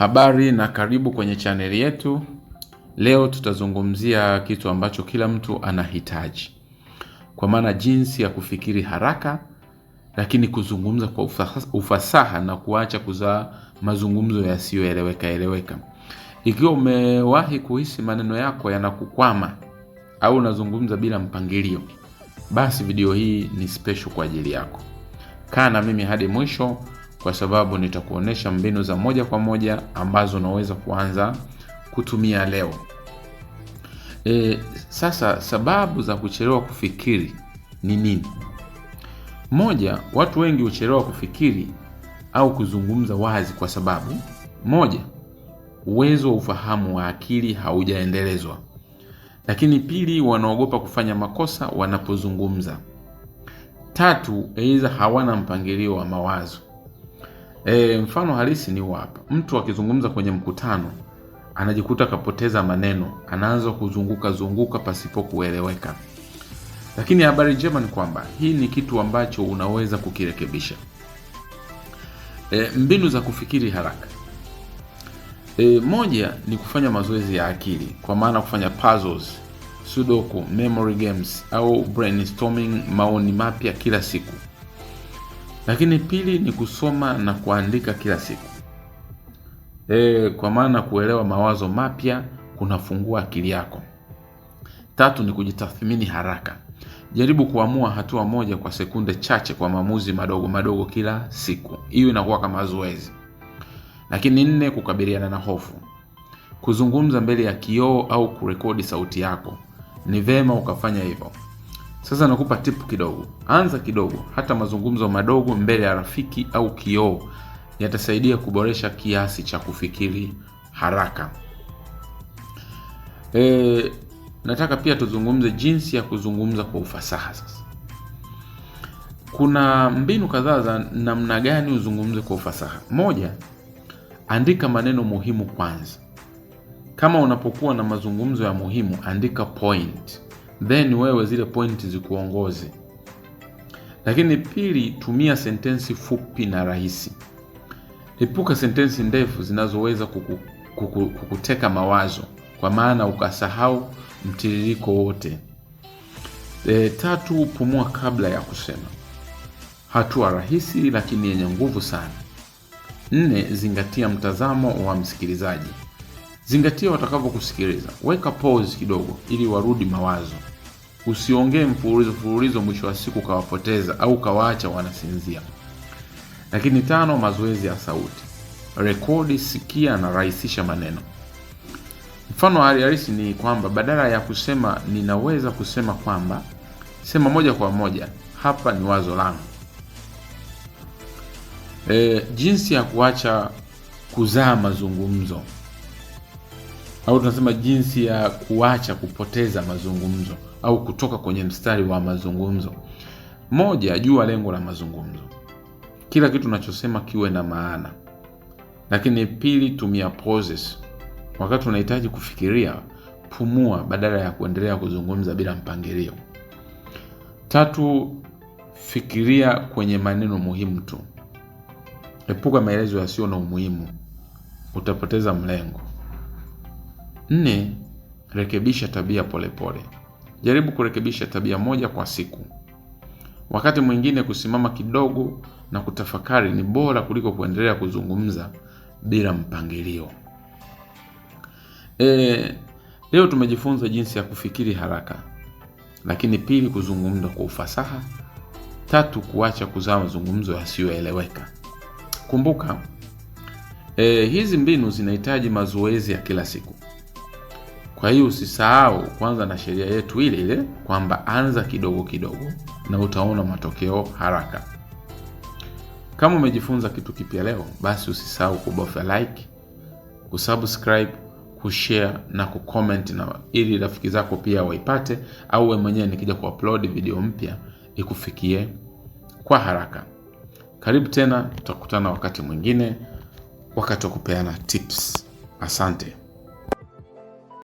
Habari na karibu kwenye chaneli yetu. Leo tutazungumzia kitu ambacho kila mtu anahitaji, kwa maana jinsi ya kufikiri haraka, lakini kuzungumza kwa ufasaha na kuacha kuzaa mazungumzo yasiyoeleweka eleweka. Ikiwa umewahi kuhisi maneno yako yanakukwama au unazungumza bila mpangilio, basi video hii ni special kwa ajili yako. Kaa na mimi hadi mwisho kwa sababu nitakuonesha mbinu za moja kwa moja ambazo unaweza kuanza kutumia leo. E, sasa sababu za kuchelewa kufikiri ni nini? Moja, watu wengi huchelewa kufikiri au kuzungumza wazi kwa sababu moja, uwezo wa ufahamu wa akili haujaendelezwa. Lakini pili, wanaogopa kufanya makosa wanapozungumza. Tatu, aidha hawana mpangilio wa mawazo. E, mfano halisi ni hapa. Mtu akizungumza kwenye mkutano anajikuta akapoteza maneno, anaanza kuzunguka zunguka pasipo kueleweka. Lakini habari njema ni kwamba hii ni kitu ambacho unaweza kukirekebisha. E, mbinu za kufikiri haraka. E, moja ni kufanya mazoezi ya akili kwa maana kufanya puzzles, sudoku, memory games au brainstorming, maoni mapya kila siku. Lakini pili ni kusoma na kuandika kila siku e, kwa maana kuelewa mawazo mapya kunafungua akili yako. Tatu ni kujitathmini haraka. Jaribu kuamua hatua moja kwa sekunde chache kwa maamuzi madogo madogo kila siku, hiyo inakuwa kama zoezi. Lakini nne, kukabiliana na hofu. Kuzungumza mbele ya kioo au kurekodi sauti yako, ni vema ukafanya hivyo. Sasa nakupa tipu kidogo, anza kidogo. Hata mazungumzo madogo mbele ya rafiki au kioo yatasaidia kuboresha kiasi cha kufikiri haraka. E, nataka pia tuzungumze jinsi ya kuzungumza kwa ufasaha. Sasa kuna mbinu kadhaa za namna gani uzungumze kwa ufasaha. Moja, andika maneno muhimu kwanza. Kama unapokuwa na mazungumzo ya muhimu, andika point then wewe zile pointi zikuongoze. Lakini pili, tumia sentensi fupi na rahisi. Epuka sentensi ndefu zinazoweza kuku, kuku, kukuteka mawazo kwa maana ukasahau mtiririko wote. E, tatu, pumua kabla ya kusema. Hatua rahisi lakini yenye nguvu sana. Nne, zingatia mtazamo wa msikilizaji. Zingatia watakavyokusikiliza. Weka pause kidogo ili warudi mawazo usiongee mfululizo mfululizo, mwisho wa siku ukawapoteza au ukawaacha wanasinzia. Lakini tano, mazoezi ya sauti. Rekodi, sikia na rahisisha maneno. Mfano wa hali halisi ni kwamba badala ya kusema ninaweza kusema kwamba, sema moja kwa moja, hapa ni wazo langu. E, jinsi ya kuacha kuzaa mazungumzo au tunasema jinsi ya kuacha kupoteza mazungumzo au kutoka kwenye mstari wa mazungumzo. Moja, jua lengo la mazungumzo, kila kitu unachosema kiwe na maana. Lakini pili, tumia pauses. Wakati unahitaji kufikiria, pumua badala ya kuendelea kuzungumza bila mpangilio. Tatu, fikiria kwenye maneno muhimu tu, epuka maelezo yasiyo na umuhimu, utapoteza mlengo. Nne, rekebisha tabia polepole pole. Jaribu kurekebisha tabia moja kwa siku. Wakati mwingine kusimama kidogo na kutafakari ni bora kuliko kuendelea kuzungumza bila mpangilio. E, leo tumejifunza jinsi ya kufikiri haraka, lakini pili, kuzungumza kwa ufasaha; tatu, kuacha kuzaa mazungumzo yasiyoeleweka. Kumbuka e, hizi mbinu zinahitaji mazoezi ya kila siku. Kwa hiyo usisahau kwanza na sheria yetu ile ile kwamba anza kidogo kidogo na utaona matokeo haraka. Kama umejifunza kitu kipya leo, basi usisahau kubofya like, kusubscribe, kushare na kucomment na ili rafiki zako pia waipate, au wewe mwenyewe nikija kuupload video mpya ikufikie kwa haraka. Karibu tena, tutakutana wakati mwingine, wakati wa kupeana tips. Asante.